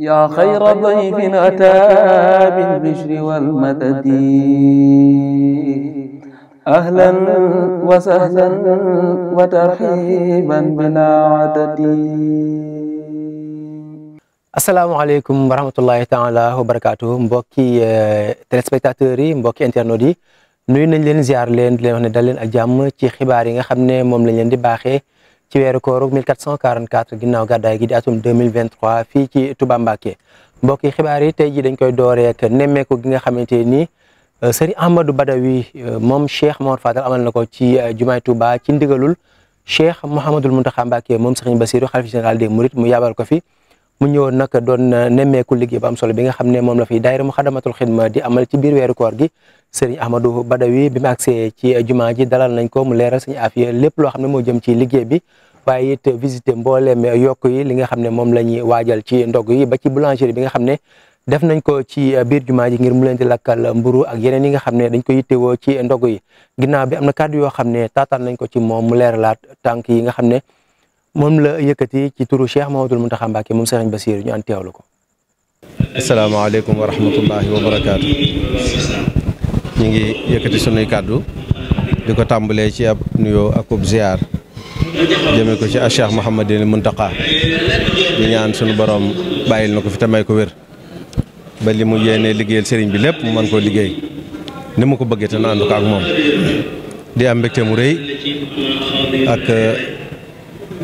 yaa xayra dayfin ataa bil bishri wal madadi ahlan wa sahlan adadi. asalaamaaleykum wa rahmatulahi taala wa mbokki téléspectateurs yi mbokki internautes yi nuyu nañ leen ziar leen di leen ne dal ak jàmm ci xibaar yi nga xam ne moom lañ leen di baaxee. ci weeru kooru 1444 ginnaaw gàddaay gi di atum 2023 fii ci Touba Mbacké mbokki xibaar yi tey jii dañ koy dooreek nemmeeku gi nga xamante ni euh, sëriñ Ahmadou Badawi euh, moom Cheikh Mor Fadal amal na ko ci euh, jumaay Touba ci ndigalul Cheikh Mouhamadul Mountakha Mbacké moom sëriñ Bassirou xalifa général des Mourides mu yabal ko fi mu ñëw nag doon euh, nemmeeku liggéey bu am solo bi nga xam ne moom la fi daayira Muxaddamatul Xidma di amal ci biir weeru koor gi sëriñ Ahmadou Badawi bi mu agsee ci euh, jumaa dalal nañ ko mu leeral suñu afiya lépp loo xam ne moo jëm ci liggéey bi waaye it visité mbooleem yokk yi li nga xam ne moom la ñuy waajal ci ndog yi ba ci boulangerie bi nga xam ne def nañ ko ci euh, biir jumaa ji ngir mu leen di lakkal mburu ak yeneen yi nga xam ne dañ ko yittewoo ci ndog yi gina bi am na kàddu yoo xam ne taataan nañ ko ci moom mu leeralaat tank yi nga xam ne moom la yëkkati ci turu Cheikh Mahamadul Muntaxa Mbàkke moom Serigne Bassirou ñu an teewlu ko. asalaamaaleykum wa rahmatullahi wa barakaatu. ñu ngi yëkkati sunuy kàddu di ko tàmbalee ci ab nuyoo ak ub ziar jëmee ko ci a Cheikh Mouhamadul Muntaxa di ñaan sunu borom bàyyil na ko fi te may ko wér ba li mu yéenee liggéeyal sëriñ bi lépp mu mën koo liggéey ni mu ko bëggee te naandu ko ak moom di am mbégte mu rëy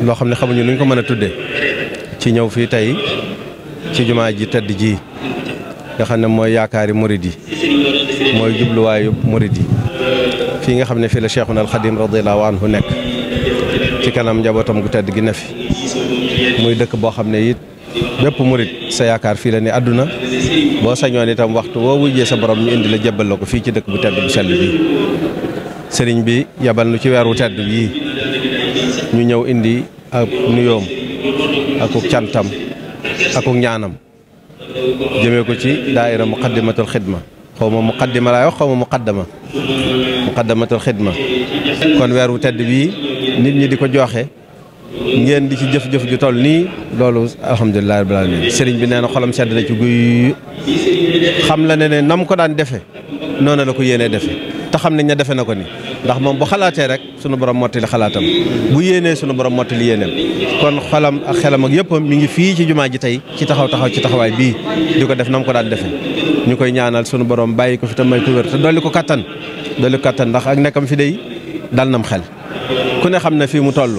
loo xam ne xamuñu luñ ko mën a tudde ci ñëw fii tey ci jumaa ji tedd ji nga xam ne mooy yaakaar yaakaari murid yi mooy jubluwaayu murid yi fii nga xam ne fii la Cheikhuna al Xadim radiyallahu anhu nekk ci kanam njabootam gu tedd gi ne fi muy dëkk boo xam ne it bépp murit sa yaakaar fii la ne àdduna boo sañoon itam waxtu woo wujjee sa borom ñu indi la jébbal ko fii ci dëkk bu tedd bu sell bii sëriñ bi yabal nu ci weeru tedd yii ñu ñëw indi ak nuyoom ak cantam ak ñaanam jëmee ko ci daaira muqaddimatul xidma xaw ma muqaddima laay wax xaw ma muqaddama muqaddamatul xidma kon weer wu tedd bii nit ñi di ko joxe ngeen di ci jëf-jëf ju tol nii loolu alhamdulilah rabbil alamin sëriñ bi nee na xolam sedd na ci guy xam la ne nam ko daan defe noonu la ko yéene defe te xam nañ ne defe na ko ni ndax moom bu xalaatee rek sunu borom mottali xalaatam bu yéenee sunu borom mottali yéeneem kon xolam ak xelam ak yëppam mi ngi fii ci jumaa ji tey ci taxaw taxaw ci taxawaay bii di ko def na mu ko daan defee ñu koy ñaanal sunu borom bàyyi ko fi te may ko wér te dolli ko kattan dolli ko kattan ndax ak nekkam fi day dal nam xel ku ne xam ne fii mu toll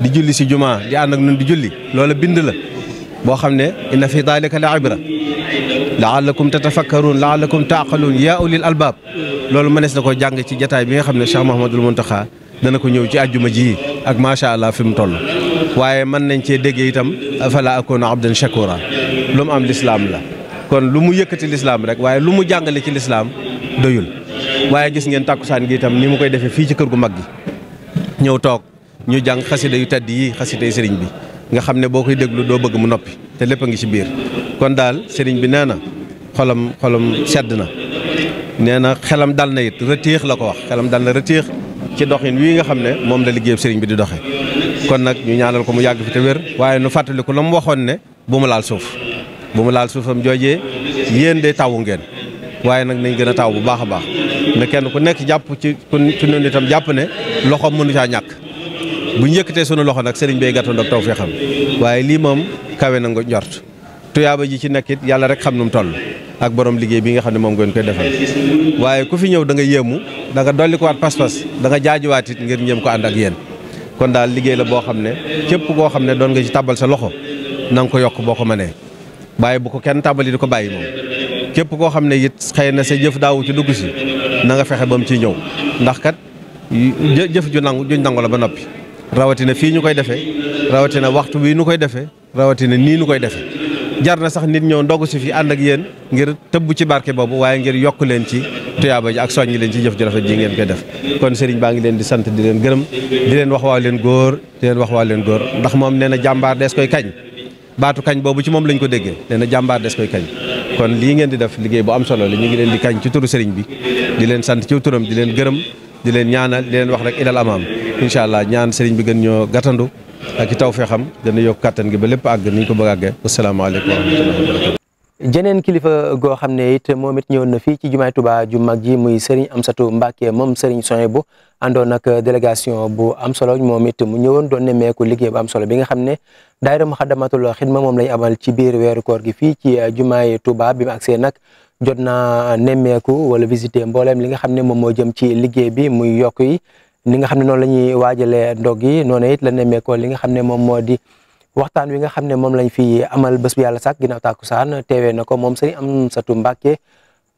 di julli si jumaa di ànd ak ñun di julli loola bind la boo xam ne inna fi dalika la ibra laallakum tatafakkaruun laallakum taaqaluun yaa ulil albaab loolu mënees na ko jàng ci jataay bi nga xam ne Cheikh Mouhamadul Mountakha dana ko ñëw ci àjjuma ji ak macha allah fi mu toll waaye mën nañ cee déggee itam afala akoona abdan shakura lu mu am lislaam la kon lu mu yëkkati lislaam rek waaye lu mu jàngale ci lislaam doyul waaye gis ngeen tàkkusaan gi itam ni mu koy defee fii ci kër gu mag gi ñëw toog ñu jàng xasida yu tedd yi xasida bi nga xam ne boo koy déglu doo bëgg mu noppi te lépp a ngi ci biir kon daal sëriñ bi nee na xolam xolam sedd na nee na xelam dal na it rëtéex la ko wax xelam dal na rëtéex ci doxin wii nga xam ne moom la liggéeyam sëriñ bi di doxee kon nag ñu ñaanal ko mu yàgg fi te wér waaye nu fàttali ko la mu waxoon ne bu mu laal suuf bu mu laal suufam joojee yéen de tawu ngeen waaye nag nañ gën a taw bu baax a baax na kenn ku nekk jàpp ci ku ci noonu itam jàpp ne loxo mënu caa ñàkk bu njëkk yëkkatee sunu loxo nag sëriñ bay gàttandu ak xam waaye lii moom kawe na nga njort tuyaaba ji ci nekkit yàlla rek xam nu mu toll ak borom liggéey bi nga xam ne moom ngeen koy defal waaye ku fi ñëw da nga yéemu da nga dolli ko waat pas da nga jaajuwaat it ngir ñëm ko ànd ak yéen kon daal liggéey la boo xam ne képp koo xam ne doon nga ci tàbbal sa loxo na ko yokk boo ko mënee waaye bu ko kenn tàbbali di ko bàyyi moom képp koo xam ne it xëy na sa jëf daawu ci dugg si na nga fexe ba mu ciy ñëw ndax kat jëf ju nangu ju nangu la ba noppi rawatina fii ñu koy defee rawatina waxtu bii nu koy defee rawatina nii nu koy defee jar na sax nit ñëw ndogu si fi ànd ak yéen ngir tëbb ci barke boobu waaye ngir yokk leen ci tuyaaba ji ak sooñ soññi leen ci jëf ju rafet ji ngeen ko def kon sëriñ baa ngi leen di sant di leen gërëm di leen wax waaw leen góor di leen wax waaw leen góor ndax moom nee na jàmbaar dees koy kañ baatu kañ boobu ci moom lañ ko déggee nee na jàmbaar des koy kañ kon lii ngeen di def liggéey bu am solo la ñu ngi leen di kañ ci turu sëriñ bi di leen sant ci turam di leen gërëm di leen ñaanal leen wax rek idal amaam incha allah ñaan sëriñ bi gën ñoo gàttandu ak i taw fee xam gën a yokk kàttan gi ba lépp àgg ni ñu ko bëgg àggee wasalaamaaleykum wa rahmatulah. jeneen kilifa goo xam ne it moom it ñëwoon na fii ci jumaay Tuubaa ju mag ji muy Serigne Amsatou Mbacke moom Serigne Souhaïbou àndoon ak délégation bu am solo moom it mu ñëwoon doon nemmeeku liggéey bu am solo bi nga xam ne daayira Muxaddamatul Xidma moom lañ amal ci biir weeru koor gi fii ci jumaay Tuubaa bi mu nag jot na nemmeeku wala visiter mbooleem li nga xam ne moom moo jëm ci liggéey bi muy yokk yi. ni nga xam ne noonu la ñuy waajalee ndog yi noonu it la nemmeekoo li nga xam ne moom moo di waxtaan wi nga xam ne moom lañ fi amal bés bu yàlla sàkk ginnaaw tàkkusaan teewee na ko moom sëriñ Amsatou Mbacke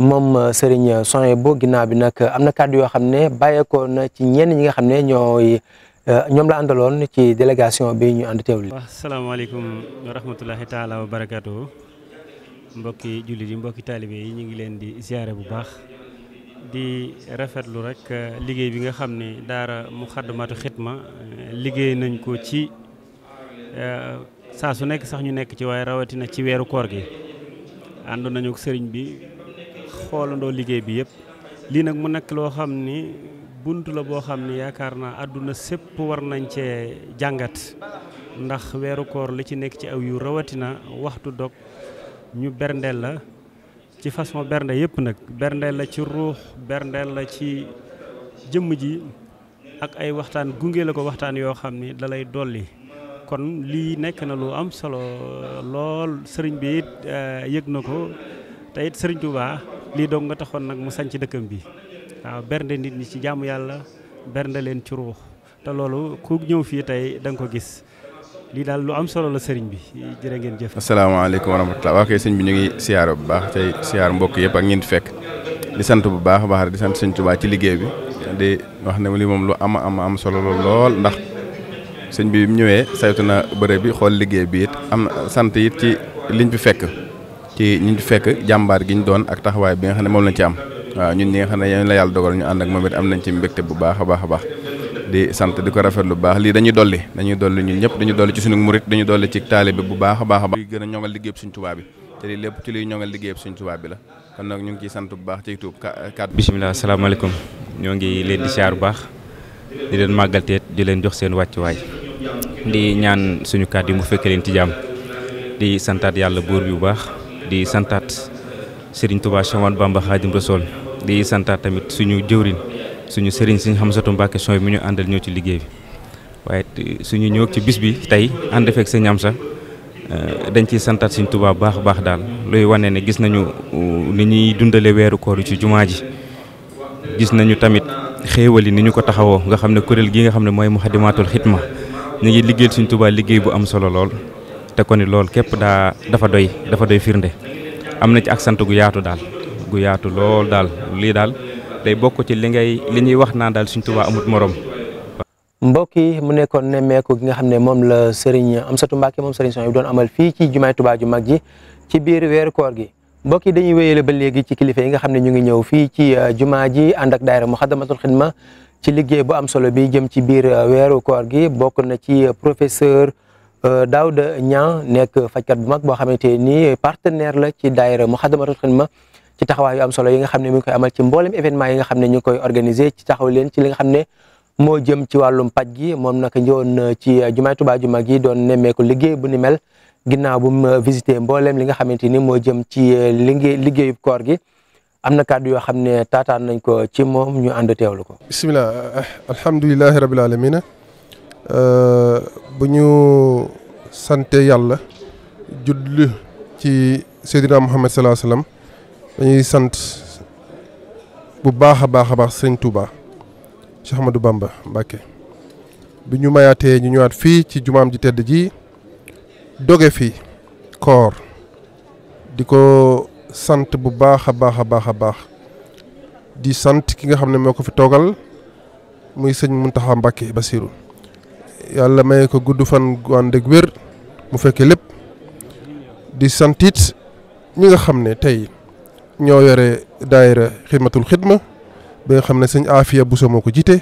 moom sëriñ Souhaïbou ginnaaw bi nag am na kàddu yoo xam ne bàyyeekoon na ci ñenn ñi nga xam ne ñooy euh, ñoom la àndaloon ci délégation bi ñu ànd teewlu. asalaamaaleykum wa rahmatulahi taala wa barakaatu mbokki jullit yi mbokki taalibe yi ñu ngi leen di ziare bu baax. di rafetlu rek euh, liggéey bi nga xam ne daara mu xadd Muxaddamatul Xidma euh, liggéey nañ ko ci euh, saa su nekk sax ñu nekk ci waaye rawatina ci weeru koor gi ànd nañu sëriñ bi xoolandoo liggéey bi yëpp lii nag mu nekk loo xam ni bunt la boo xam ne yaakaar naa àdduna sépp war nañ cee jàngat ndax weeru koor li ci nekk ci aw yu rawatina waxtu dog ñu berndeel la ci façon bernde yëpp nag berndeel la ci ruux berndeel la ci jëmm ji ak ay waxtaan gunge la ko waxtaan yoo xam ni dalay dolli kon lii nekk na lu am solo lool sëriñ bi it eh, yëg na ko te it sëriñ Touba lii doog nga taxoon nag mu sañ ci dëkkam bi waaw bernde nit ñi ci jàmm yàlla bernde leen ci ruux te loolu ku ñëw fii tey da ko gis lii daal lu am solo la sëriñ bi jërë ngeen jëf. asalaamaaleykum wa rahmatulah waa kay sëñ bi ñu ngi siyaar bu baax tey siyaar mbokk yëpp ak ñeent fekk di sant bu baax a baax di sant sëñ Tuubaa ci liggéey bi di wax ne li moom lu am am am solo lool ndax sëñ bi ñëwee saytu na bërëb bi xool liggéey bi it am na sant it ci liñ fi fekk ci ñiñ fi fekk jàmbaar gi ñu doon ak taxawaay bi nga xam ne moom lañ ci am waaw ñu ñi nga xam ne yéen la yàlla dogal ñu ànd ak moom it am nañ ci mbegte bu baax a baax a baax di sant di ko rafet lu baax lii dañuy dolli dañuy dolli ñu ñëpp dañuy dolli ci suñu murit dañuy dolli ci taalibe bu baax a baax a baax gën a ñoŋal liggéeyub suñ tubaab bi lépp ci liy ñoŋal liggéeyub suñ bi la kon nag ñu ngi ciy sant bu baax ciy tuub kat bisimilah asalaamaaleykum ñoo ngi leen di siyaar bu baax di leen màggal di leen jox seen wàcc wàccuwaay di ñaan suñu kàddu yi mu fekk leen ci jàmm di santaat yàlla buur bi bu baax di santaat Serigne Touba Cheikh Ahmadou Bamba Khadim Rassoul di santaat tamit suñu jëwrin suñu sëriñ suñu Xamsatu Mbàkke son mu ñu àndal ñëw ci liggéey bi waaye suñu ñëw ci bis bi tey ànd fekk sëñ Amsa euh, dañ ciy santaat suñ Tuubaa baax a baax daal luy wane ne gis nañu euh, ni ñuy dundale weeru koor ci jumaa ji gis nañu tamit xéewal yi ni ñu ko taxawoo nga xam ne kuréel gi nga xam ne mooy Muxaddamaatul Xidma ñu ngi liggéeyal suñ tubaa liggéey bu am solo lool te ko ni lool képp daa dafa doy dafa doy firnde am na ci ak sant gu yaatu daal gu day bokk ci li ngay li ñuy wax naa daal suñ Tuubaa amut morom. mbokk yi mu nekkoon nemmeeku gi nga xam ne moom la Serigne Amsatou Mbacké moom Serigne bi doon amal fii ci jumaay ju mag ji ci biir weeru koor gi. mbokk yi dañuy wéyale ba léegi ci kilifa yi nga xam ne ñu ngi ñëw fii ci uh, jumaa ji ànd ak daayira Muxaddamatul Xidma ci liggéey bu am solo bi jëm ci biir uh, weeru koor gi bokk na ci uh, professeur Daouda Niang nekk fajkat bu mag boo xamante ni partenaire la ci daayira Muxaddamatul ma ci taxawaay yu am solo yi nga xam ne mi amal ci mboolem événement yi nga xam ne ñu ngi koy organiser ci taxaw leen ci li nga xam ne moo jëm ci wàllum paj gi moom nag ñëwoon ci jumaay Tuubaa ju mag yi doon nemmeeku liggéey bu ni mel ginnaaw bu mu booleem li nga xamante ni moo jëm ci liggéey liggéeyub koor gi am na kàddu yoo xam ne taataan nañ ko ci moom ñu ànd teewlu ko. bisimilah alhamdulilahi rabil aalamiina bu ñu sante yàlla julli ci Seydina Muhammad salaa salaam. dañuy sant bu baax a baax a baax sëriñ Touba Cheikh Ahmadou Bamba Mbacke bi ñu mayaatee ñu ñëwaat fii ci jumaam ji tedd ji doge fi koor di ko sant bu baax a baax a baax a baax di sant ki nga xam ne moo ko fi toogal muy sëñ Mountakha Mbacke Bassirou yàlla may ko gudd fan gu ànd ak mu fekkee lépp di santit ñi nga xam ne tey ñoo yore daayira xidmatul xidma bi nga xam ne sëñ Afia Bousso moo ko jiite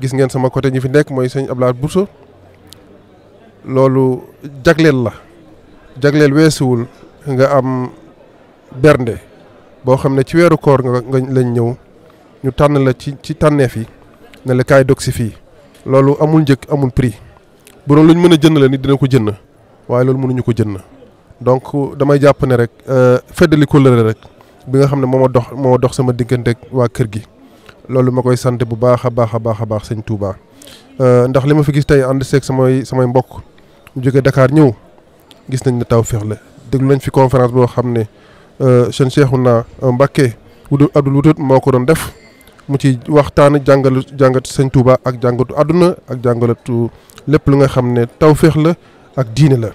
gis ngeen sama côté ñi fi nekk mooy sëñ Ablaye Bousso loolu jagleel la jagleel weesuwul nga am bernde boo xam ne ci weeru koor nga lañ ñëw ñu tànn la ci ci tànneef yi ne la kaay dog fii loolu amul njëkk amul prix bu doon lu mën a jënd la ni dina ko jënd waaye loolu mënuñu ko jënd donc damay jàpp ne rek euh, feddali kóllëre rek bi nga xam ne moo dox moo dox sama diggante waa kër gi loolu ma koy sante bu baax a baax a baax a baax sëñ Touba euh, ndax li ma fi gis tey ànd seeg samay samay mbokk mu jóge dakaar ñëw gis nañ ne taw féex la déglu nañ fi conférence boo xam ne euh, sëñ Cheikhouna euh, Mbacké Wudul Abdul Wudut moo ko doon def mu ci waxtaan jàngalu jàngat sëñ Touba ak jàngatu àdduna ak jàngalatu lépp lu nga xam ne taw féex la ak diine la.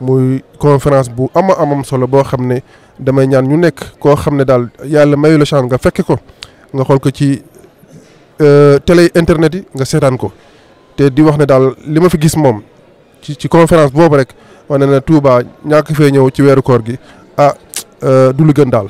muy conférence bu ama amam solo boo xam ne damay ñaan ñu nekk koo xam ne daal yàlla mayu la chance nga fekke ko nga xool ko ci euh, télé internet yi nga seetaan ko te di wax ne daal li ma fi gis moom ci ci conférence boobu rek wane na Touba ñàkk fee ñëw ci weeru koor gi ah euh, du lu gën daal.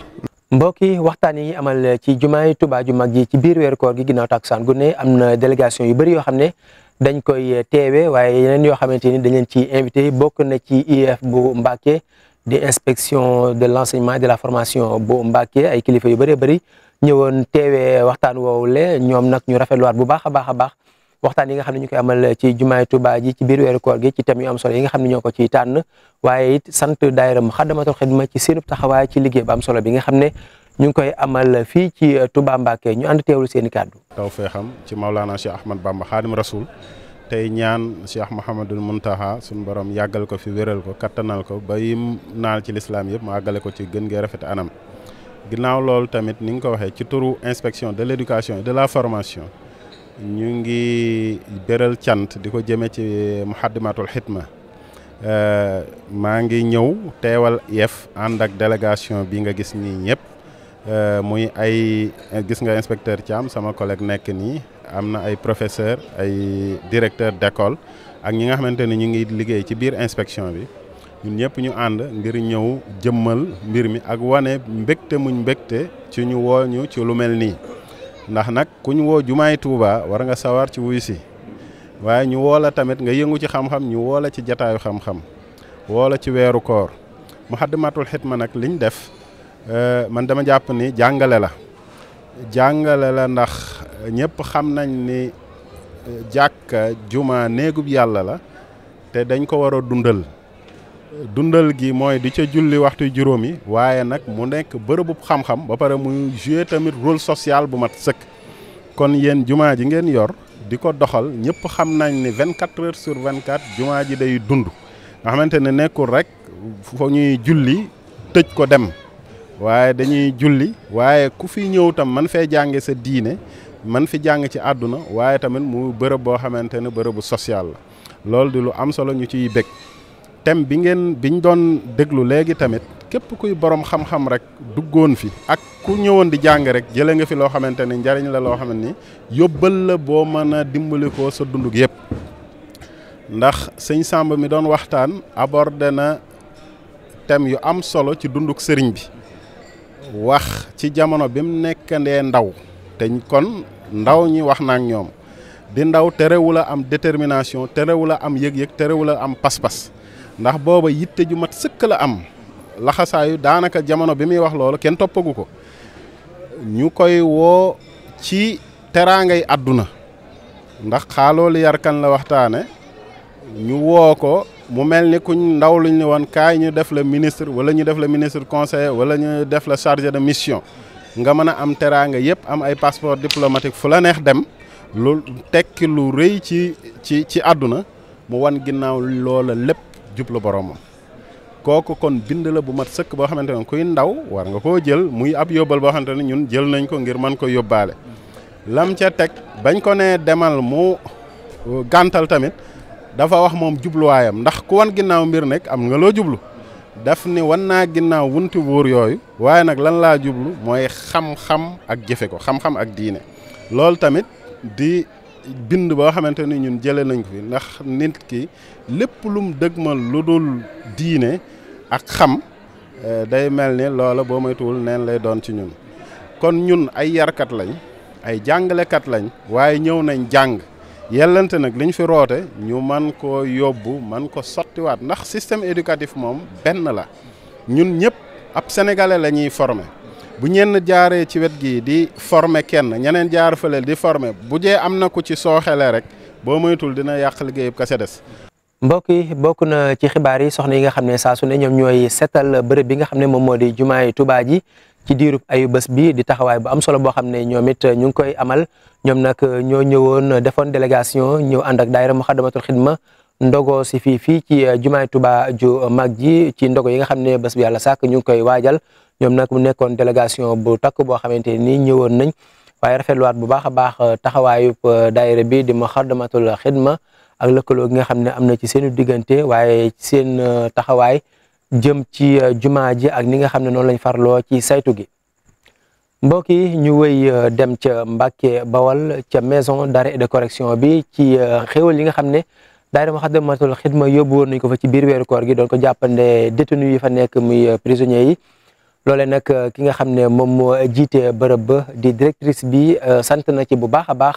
mbokki waxtaan yi amal ci jumaa jumaay Touba ju mag ji ci biir weeru koor gi ginnaaw takusaan gu ne am na délégation yu bëri yoo xam ne. dañ koy teewe waaye yeneen yoo xamante ni dañ ci invité bokk na ci IEF bu Mbacké di inspection de l'enseignement de la formation bu Mbacké ay kilifa yu bëree bëri ñëwoon teewe waxtaan woowu le ñoom nag ñu rafetluwaat bu baax a baax a baax waxtaan yi nga xam ne ñu koy amal ci jumaay Tuubaa ji ci biir weeru koor gi ci thème am solo yi nga xam ne ñoo ko ciy tànn waaye it sant daayira Muxaddamatul ma ci seenub taxawaay ci liggéey bu am solo bi nga xam ne ñu ngi koy amal fii ci euh, Touba Mbacké ñu ànd teewlu seen i kàddu. taw feexam ci Maulana Cheikh Ahmad Bamba Xaadim Rasul tey ñaan Cheikh Mouhamadul Muntaha suñu borom yàggal ko fi wéral ko kattanal ko ba yim naal ci lislaam yëpp mu àggale ko ci gën gee rafet anam. ginnaaw loolu tamit ni ngi ko waxee ci turu inspection de l'éducation et de la formation ñu ngi béral cant di ko jëme ci muhaddimatul xitma euh, maa ngi ñëw teewal yef ànd ak délégation bi nga gis nii ñëpp. Euh, muy ay eh, gis nga inspecteur Thiam sama collègue nekk nii am na ay professeur ay directeur d'école ak ñi nga xamante ni ñu ngi liggéey ci biir inspection bi ñun ñëpp ñu ànd ngir ñëw jëmmal mbir mi ak wane mbégte muñ mbégte ci ñu woo ñu ci lu mel nii ndax nag ku ñu woo jumaay Touba war nga sawar ci wuy si waaye ñu woola tamit nga yëngu ci xam-xam ñu woo ci jataayu xam-xam woo ci weeru koor Muxaddamatul ma nag liñ def Euh, man dama jàpp ni jàngale la jàngale la ndax ñëpp xam nañ ni euh, jàkka jumaa néegub yàlla la te dañ ko war a dundal dundal gi mooy di ca julli waxtu juróom yi waaye nag mu nekk bërëbub xam-xam ba pare muy jouer tamit rôle social bu mat sëkk kon yéen jumaa ji ngeen yor di ko doxal ñëpp xam nañ ni 24 heures sur 24 jumaa ji day dund nga xamante ne nekkul rek foo ñuy julli tëj ko dem waaye dañuy julli waaye ku fi ñëw tam man fee jànge sa diine man fi jàng ci àdduna waaye tamit mu bërëb boo xamante ne bërëbu social la loolu di lu am solo ñu ciy bég thème bi ngeen biñ doon déglu léegi tamit képp kuy borom xam-xam rek duggoon fi ak ku ñëwoon di jàng rek jële nga fi loo xamante ni njariñ la loo xamante ni yóbbal la boo mën a dimbali ko sa dunduk yépp ndax sëñ Samba mi doon waxtaan abordé na thème yu am solo ci dunduk sëriñ bi wax ci jamono bi mu nekkandee ndaw te kon ndaw ñi wax na ñoom di ndaw terewul a am détermination terewul a am yëg-yëg terewul a am pas-pas ndax booba yitte ju mat sëkk la am laxasaayu daanaka jamono bi muy wax loolu kenn toppagu ko ñu koy woo ci teraangay àdduna ndax xaaloo li yarkan la waxtaane ñu woo ko mu mel ni kuñ ndaw luñ ne woon kaay ñu def la ministre wala ñu def la ministre conseiller wala ñu def la chargé de mission nga mën a am teraanga yëpp am ay passeport diplomatique fu la neex dem lu tekki lu rëy ci ci ci àdduna mu wan ginnaaw loola lépp jublu boromam. kooku kon bind la bu mat sëkk boo xamante ne kuy ndaw war nga koo jël muy ab yóbbal boo xamante ne ñun jël nañ ko ngir mën ko yóbbaale lam ca teg bañ ko ne demal mu gàntal tamit dafa wax moom jubluwaayam ndax ku wan ginnaaw mbir nekk am nga loo jublu daf ni wan naa ginnaaw wunti wóor yooyu waaye nag lan laa jublu mooy xam-xam ak jëfe ko xam-xam ak diine loolu tamit di bind boo xamante ni ñun jëlee nañ ko fi ndax nit ki lépp lum dëgmal lu dul diine ak xam eh, day mel ni loola boo moytuwul neen lay doon ci ñun kon ñun ay yarkat lañ ay jàngalekat lañ waaye ñëw nañ jàng yellante nag li ñu fi roote ñu man ko yóbbu man ko sottiwaat ndax système éducatif moom benn la ñun ñëpp ab sénégalais la ñuy former bu ñenn jaaree ci wet gi di former kenn ñeneen jaar fële di forme bu jee am na ku ci soo sooxele rek boo moytul dina yàq liggéeyub kase des mbokk yi bokk na ci xibaar yi soxna yi nga xam ne saa su ne ñoom ñooy seetal bërëb bi nga xam ne moom moo di jumaay Tuubaa ji ci diirub ayu bés bi di taxawaay bu am solo boo xam ne ñoom it ñu ngi koy amal ñoom nag ñoo ñëwoon defoon délégation ñëw ànd ak daayira Muxaddamatul Xidma ndogo si fii fii ci euh, jumaay Tuubaa ju mag ji ci ndogo yi nga xam ne bés bi yàlla sàkk ñu ngi koy waajal ñoom nag mu nekkoon délégation bu takk boo xamante ni ñëwoon nañ waaye rafetluwaat bu baax a baax euh, taxawaayub euh, daayira bi di Muxaddamatul Xidma ak lëkkaloo gi nga xam ne am na ci seenu diggante waaye seen taxawaay jëm ci euh, jumaa ji ak ni nga xam ne noonu lañ farloo ci saytu gi mbokk yi ñu wëy euh, dem ca Mbàkke Bawal ca maison d'arrêt de correction bi ci euh, xéwal li nga xam ne daayira Moukhaddamatoul Khidma yóbbu woon nañ ko fa ci biir weeru koor gi don ko jàppande détenu yi fa nekk muy prisonniers yi loole nag ki nga xam ne moom moo jiite bërëb ba di directrice bi sant na ci bu baax a baax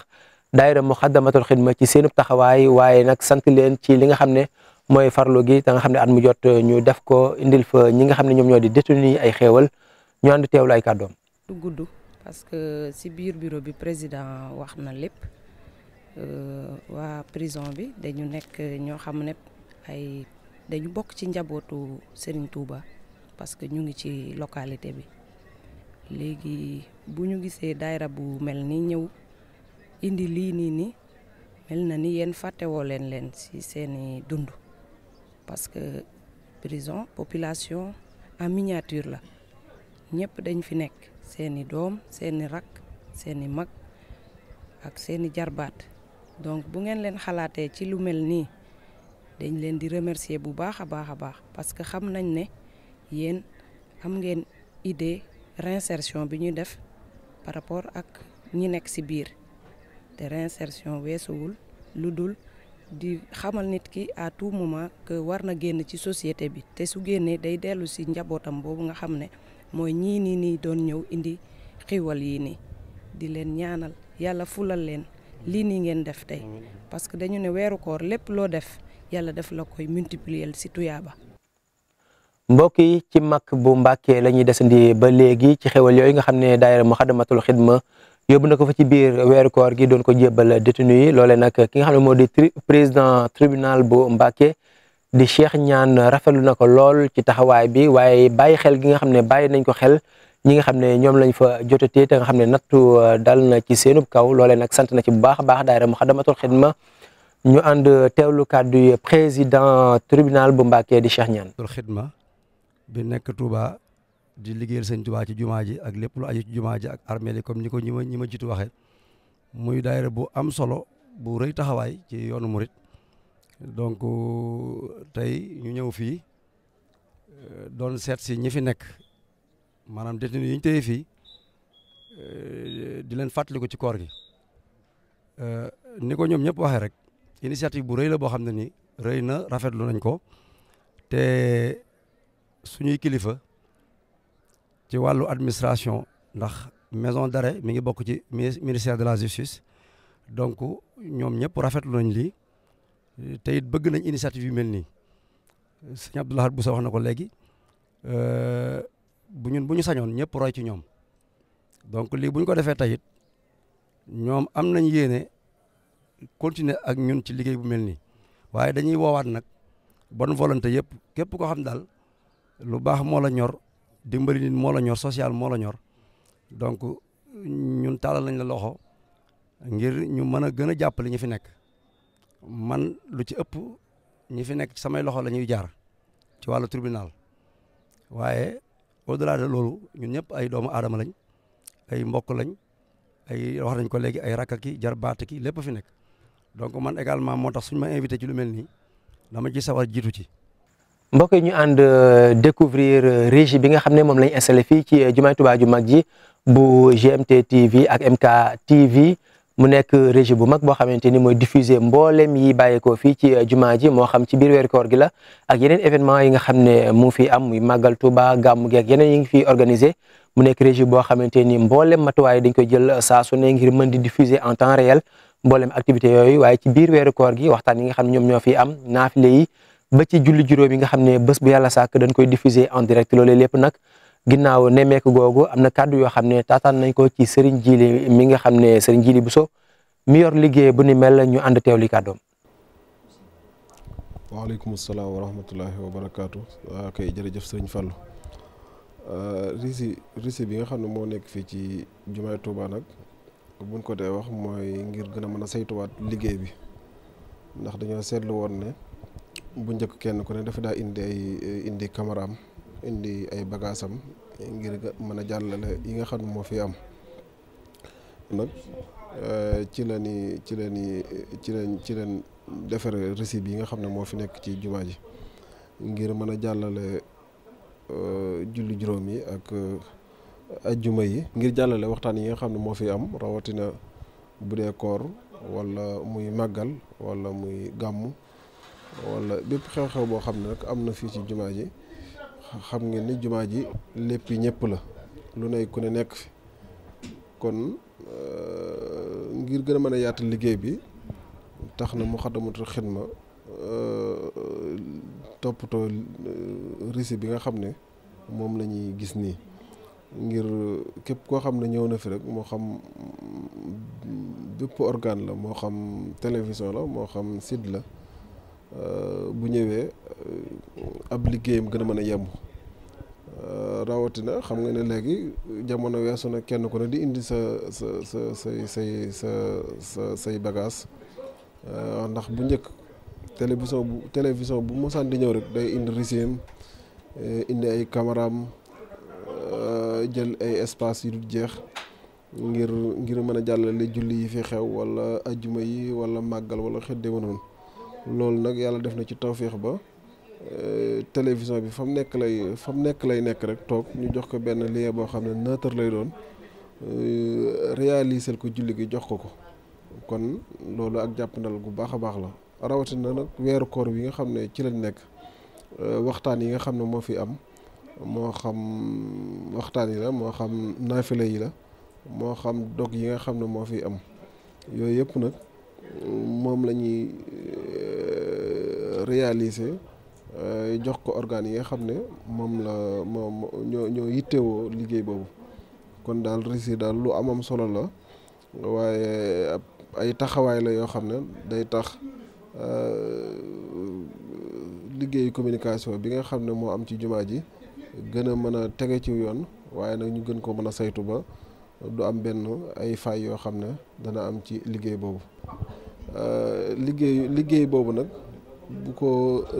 daayira Moukhaddamatoul Khidma ci seenub taxawaay waaye nag sant leen ci li nga xam ne mooy farlu gi da nga xam ne at mu jot euh, ñu def ko indil fa ñi nga xam ne ñoom ñoo di détenu yi ay xéewal ñu ànd teewlu ay kàddoom. du gudd parce que si biir bureau bi président wax na lépp euh, waa prison bi dañu nekk ñoo xam ne ay dañu bokk ci njabootu seeni tuuba parce que ñu ngi ci localité bi léegi bu ñu gisee daayra bu mel ni ñëw indi lii nii nii mel na ni yéen fàttewoo leen leen si seeni dund. parce que prison population en miniature la ñëpp dañ fi nekk seeni doom seeni rakk seeni mag ak seeni jarbaat donc bu ngeen leen xalaatee ci lu mel nii dañ leen di remercier bu baax a baax a baax parce que xam nañ ne yéen am ngeen idée réinsertion bi ñu def par rapport ak ñi nekk ci biir te réinsertion weesuwul lu dul di xamal nit ki à tout moment war na génn ci société bi te su génnee day dellu si njabootam boobu nga xam ne mooy ñii nii nii doon ñëw indi xiwal yi ni di leen ñaanal yàlla fulal leen lii nii ngeen def tey parce que dañu ne weeru koor lépp loo def yàlla daf la koy multiplier si tuyaaba. mbokk yi ci mag bu Mbàkke la ñuy desandi ba léegi ci xewal yooyu nga xam ne daayira Muxaddamatul Xidma yóbbu na ko fa ci biir weeru koor gi doon ko jébbal détenu yi loole nag ki nga xam ne moo di président tribunal bu Mbacké di Cheikh Ñaan rafetlu na ko lool ci taxawaay bi waaye bàyyi xel gi nga xam ne bàyyi nañ ko xel ñi nga xam ne ñoom lañ fa jotatee te nga xam ne nattu euh, dal na ci seenub kaw loole nag sant na ci bu baax a baax daayira Muxaddamatul Xidma ñu ànd teelu kàddu président tribunal bu Mbacké di Cheikh Ñaan. xidma bi nekk Touba di liggéey sañ sëñ Tuubaa ci jumaa ji ak lépp lu aju ci jumaa ji ak armée li comme ni ko ñi ma ñi ma jiitu waxee muy bu am solo bu rëy taxawaay ci yoonu murit donc euh, tey ñu ñëw fii euh, doon seet si ñi fi nekk maanaam détenu yi ñu fii euh, di leen fàttaliku ci koor gi ni ko ñoom ñëpp waxee rek initiative bu rëy la boo xam ne nii rëy na rafetlu nañ ko te suñuy kilifa ci wàllu administration ndax maison d'arrêt mi ngi bokk ci ministère de la justice donc ñoom ñëpp rafetlu nañ lii te it bëgg nañ initiative yu mel nii sëñ Abdou bu Bousso wax na ko léegi euh, bu ñun bu ñu sañoon ñëpp roy ci ñoom donc lii buñ ko defee tey it ñoom am nañ yéene continuer ak ñun ci liggéey bu mel ni waaye dañuy woowaat nag bon volonté yëpp képp koo xam daal lu baax moo la ñor. dimbali moo la ñor social moo la ñor donc ñun tàllal lañ la loxo ngir ñu mën a gën a jàpp li ñu fi nekk man lu ci ëpp ñu fi nekk samay loxo la jaar ci wàllu tribunal waaye au loolu ñun ñëpp ay doomu aadama lañ ay mbokk lañ ay wax nañ ko léegi ay rakk ki baat ki lépp fi nekk donc man également moo tax suñ ma invité ci lu mel nii dama ci sawar jiitu ci. mbokk yi ñu ànd euh, découvrir euh, régie bi nga xam ne moom lañ installé fii ci euh, jumaay Tuubaa ju mag ji bu GMT TV ak MK TV mu nekk régie bu mag boo xamante ni mooy diffuser mboolem yi bàyyeekoo fii ci jumaa ji moo xam ci biir weeru koor gi la ak yeneen événement yi nga xam ne mu fi am muy màggal Tuubaa gàmmu gi ak yeneen yi ngi fi organisé mu nekk régie boo xamante ni mboolem matuwaay dañ koy jël saa su ne ngir mën di diffuser en temps réel mboolem activité yooyu waaye ci biir weeru koor gi waxtaan yi nga xam ne ñoom ñoo fi am naafile yi ba ci julli juróom yi nga xam ne bés bu yàlla sàkk dañ koy diffuse en direct loolee lépp nag ginnaaw nemmeek googu am na kàddu yoo xam ne taataan nañ ko ci sëriñ Jili mi nga xam ne Serigne Jili Bousso mi yor liggéey bu ni mel ñu ànd teew li kàddoom. waaleykum salaam wa rahmatullahi wa barakaatu waaw ah, kay jërëjëf Serigne Fallou ah, risi risi bi nga xam ne moo nekk fii ci jumaay Touba nag buñ ko dee wax mooy ngir gën a mën a seytuwaat liggéey bi ndax dañoo seetlu woon ne. bu njëkk kenn ku ne dafa daa indi ay eh, indi cameraam indi ay bagaasam ngir mën a jàllale yi nga xam ne moo fi am nag ci eh, la ci la ni ci lañ ci lañ defare récit yi nga xam ne moo fi nekk ci jumaa ji ngir mën a jàllale eh, julli juróom yi ak ajjuma yi ngir jàllale waxtaan yi nga xam ne moo fi am rawatina bu dee koor wala muy màggal walla muy gàmmu wala bépp xew-xew boo xam ne rek am na fii ci jumaa ji xam nga ni jumaa ji lépp ñëpp la lu ne ku ne nekk fi kon euh, ngir gën a mën a yaatal liggéey bi tax na mu Muxaddamatul Xidma euh, toppatoo euh, récit bi nga xam ne moom la ñuy gis nii ngir képp koo xam ne ñëw na fi rek moo xam bépp organe la moo xam télévision la moo xam site la Euh, bu ñëwee euh, ab liggéeyam gën a mën a yemb euh, rawatina xam nga ne léegi jamono weesu na kenn ku ne di indi sa sa sa say say sa sa say bagage ndax bu njëkk télévision bu télévision bu mosaan di ñëw rek day indi risim indi ay caméram jël ay espace yu dul jeex ngir ngir mën a jàllale julli yi fi xew wala ajjuma yi wala màggal wala xedde ma loolu nag yàlla def na ci tawféex ba euh, télévision bi fa mu nekk lay fa mu nekk lay nekk rek toog ñu jox ko benn lien boo xam ne neutre lay doon euh, réaliser ko julli gi jox ko ko kon loolu ak jàppandal gu baax a baax la rawatina nag weeru koor bi nga xam ne ci lañ nekk euh, waxtaan yi nga xam ne moo fi am moo xam waxtaan yi la moo xam naafila yi la moo xam dog yi nga xam ne moo fi am yooyu yëpp nag moom la réaliser euh, jox ko organes yi nga xam ne moom la moo ñoo ñoo yittewoo liggéey boobu kon daal rési daal lu amam solo la waaye ay taxawaay la yoo xam ne day tax euh, liggéeyu communication bi nga xam ne moo am ci jumaa ji gën a mën a tege ci yoon waaye nag ñu gën ko mën a saytu ba du am benn ay fay yoo xam ne dana am ci liggéey boobu euh, liggéey liggéey boobu nag bu ko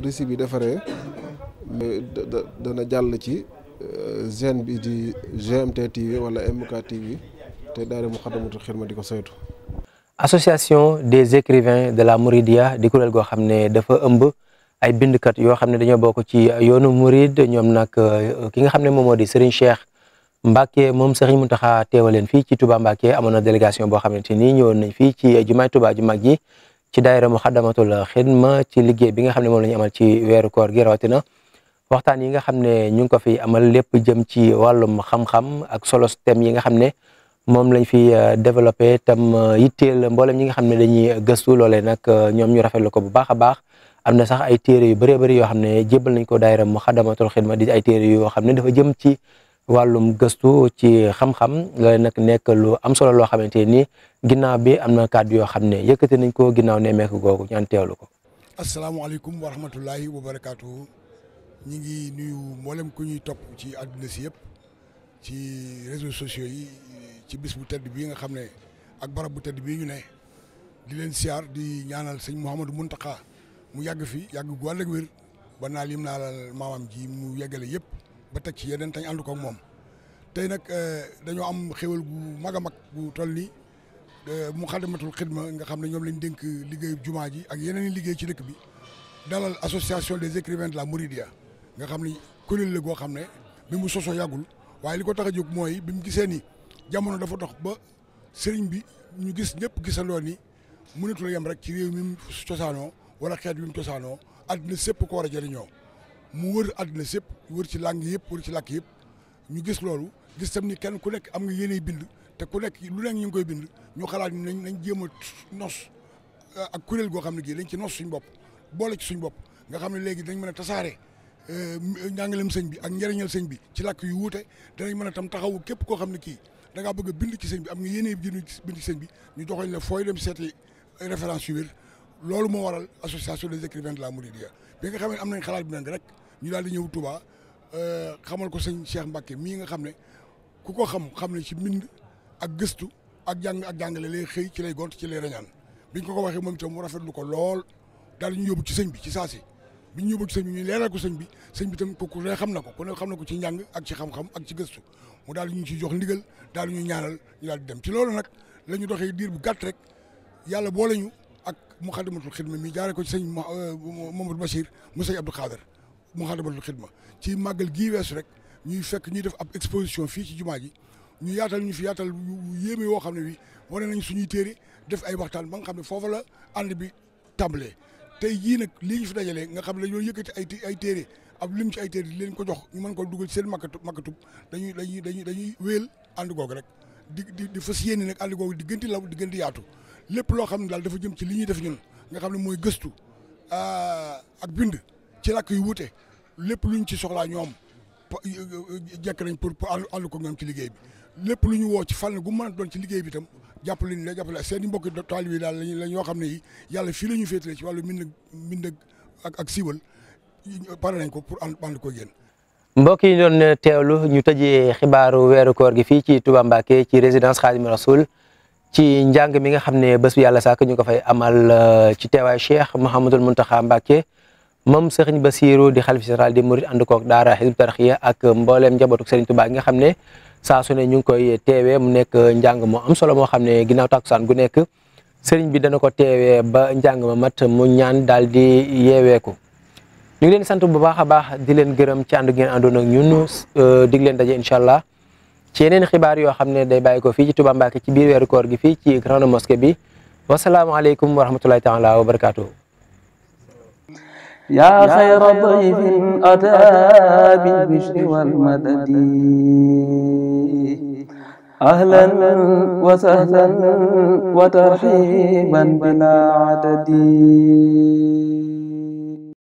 récit bi defaree dana jàll ci euh, gene bi di GMT TV wala MK TV te daara mu xadamatul xidma di ko saytu. association des écrivains de la Mouridia di kuréel goo xam ne dafa ëmb ay bindkat yoo xam ne dañoo bokk ci yoonu Mouride ñoom nag euh, ki nga xam ne moom moo di Serigne Cheikh Mbacke moom Serigne Mountakha teewaleen fii ci Touba Mbacke amoon na délégation boo xamante ni ñëwoon nañ fii ci jumaay Touba ju mag ji. ci daayira Muxaddamatul Xidma ci liggéey bi nga xam ne moom lañu amal ci weeru koor gi rawatina waxtaan yi nga xam ne ñu ngi ko fi amal lépp jëm ci wàllum xam-xam ak solos thème yi nga xam ne moom lañ fi euh, développé tam euh, yitteel mboolem ñi nga xam ne dañuy gëstu loolee nag euh, ñoom ñu rafetlu ko bu baax a baax am na sax ay téere yu bëree bëri yoo xam ne jébbal nañ ko daayira Muxaddamatul Xidma di ay téere yoo xam ne dafa jëm ci wàllum gëstu ci xam-xam loolu nekk lu am solo loo xamante ni ginnaaw bi am na kàddu yoo xam ne yëkkati nañ ko ginnaaw ne meek googu ñaan teewlu ko. asalaamaaleykum wa rahmatulahi wa barakaatu ñu ngi nuyu mboolem ku ñuy topp ci àdduna si yëpp ci réseaux sociaux yi ci bis bu tedd bii nga xam ne ak barab bu tedd bii ñu ne di leen siyaar di ñaanal sëñ mun Mountakha mu yàgg fi yàgg gu wàll ak ba naa lim naa la maamam ji mu yeggale yëpp. ba teg ci yeneen tañ ànd kook moom tey nag euh, dañoo am xéwal gu mag a mag gu toll nii euh, mu xadamatul xidma nga xam ne ñoom lañ dénk liggéey jumaa ji ak yeneen i liggéey ci dëkk bi dalal association des écrivains de la Mouridia nga xam ne kuréel la goo xam ne bi mu sosoo yàggul waaye li ko tax a jóg mooy bi mu gisee ni jamono dafa dox ba sëriñ bi ñu gis ñëpp gisandoo ni mënatul yem rek ci réew mi mu cosaanoo wala xeet bi mu cosaanoo àddina sépp ko war a jëriñoo mu wër àddina sépp wër ci làng yëpp wër ci làkk yëpp ñu gis loolu gis tam ni kenn ku nekk am nga yéeney bind te ku nekk lu nekk ñu ngi koy bind ñu xalaat ni nañ nañ jéem a nos euh, ak kuréel goo xam ne gii dañ ci nos suñ bopp boole ci suñ bopp nga xam ne léegi dañ mën a tasaare euh, njàngaleem sëñ bi ak njëriñal sëñ bi ci làkk yu wuute danañ mën a tam taxawu képp koo xam ne kii da bëgg a bind ci sëñ bi am nga yéeney bind ci sëñ bi ñu joxoñ la fooy dem seeti référence yu wér loolu moo waral asociation des écrivains de la Mouridiya bi nga xam ne am nañ xalaat bi nag rek ñu daal ñëw Touba euh, xamal ko sëñ Cheikh Mbacke mii nga xam ne ku ko xam xam ne ci mbind ak gëstu ak jàng ak jàngale lay xëy ci lay gont ci lay rañaan biñ ko ko waxee moom itam mu lu ko lool daal ñu yóbbu ci sëñ bi ci saasi bi ñu yóbbu ci sëñ ñu leeral ko sëñ bi sëñ bi tam ko ku ne xam na ko ku xam na ko ci njàng ak ci xam-xam ak ci gëstu mu daal di ñu ci jox ndigal daal di ñu ñaanal ñu daal di dem ci loolu nag lañu ñu doxee diir bu gàtt rek yàlla boole ñu ak mu Muxaddamatul Xidma mi jaaree ko ci sëñ Mamadou euh, Bachir mu sëñ Abdou Khader Muxaddamatul Xidma ci màggal gii weesu rek ñuy fekk ñuy def ab exposition fii ci jumaa ji ñu yaatal ñu fi yaatal yéeme woo xam ne bi wane nañ suñuy téere def ay waxtaan ba nga xam ne foofa la ànd bi tàmbalee tey jii nag lii ñu fi dajalee nga xam ne dañoo yëkkati ay ay téere ab lim ci ay téere di leen ko jox ñu mën ko dugal seen makkatu makkatub dañuy dañuy dañuy dañuy wéel ànd googu rek di di di fas yéene nag ànd googu di law di yaatu lépp loo xam ne daal dafa jëm ci li ñuy def ñun nga xam ne mooy gëstu euh, ak bind ci lakk yu wuute lépp luñ ci soxlaa ñoom jekk nañ pour pour àll ko ñoom ci liggéey bi lépp lu ñu woo ci fànn gu mën ci liggéey bi itam jàppale ñu la jàppale seen i mbokki taalibe yi daal lañ la ñoo xam ne yi yàlla fii la ñu féetale ci wàllu mbind mbind ak ak siiwal pare nañ ko pour ànd ko génn. mbokk yi doon teewlu ñu tëjee xibaaru weeru koor gi fii ci Touba Mbacké ci résidence Khadim Rasoul ci njàng mi nga xam ne bés bi yàlla sàkk ñu ko fay amal euh, ci teewaay Cheikh Mouhamadul Mountakha Mbacké moom Serigne Bassirou di xalif général di di murid ànd koog daara Hizbut Tarqiyyah ak mbooleem njabootu Serigne Touba gi nga xam ne saa su ne ñu ngi koy teewee mu nekk njàng moo am solo moo xam ne ginnaaw takusaan gu nekk Serigne bi dana ko teewee ba njàng ma mat mu ñaan daal di yeeweeku ñu ngi leen sant bu baax a baax di leen gërëm ci ànd ngeen àndoon ak ñun euh, dig leen daje incha allah ci yeneen xibaar yoo xam ne day bàyyi ko fii ci Touba Mbacké ci biir weeru koor gi fii ci grande mosquée bi wasalaamualeykum wa rahmatulahi taala wa barakaatuhu yaa xayra dayfin ataa bil bishri wal madadi ahlan wa adadi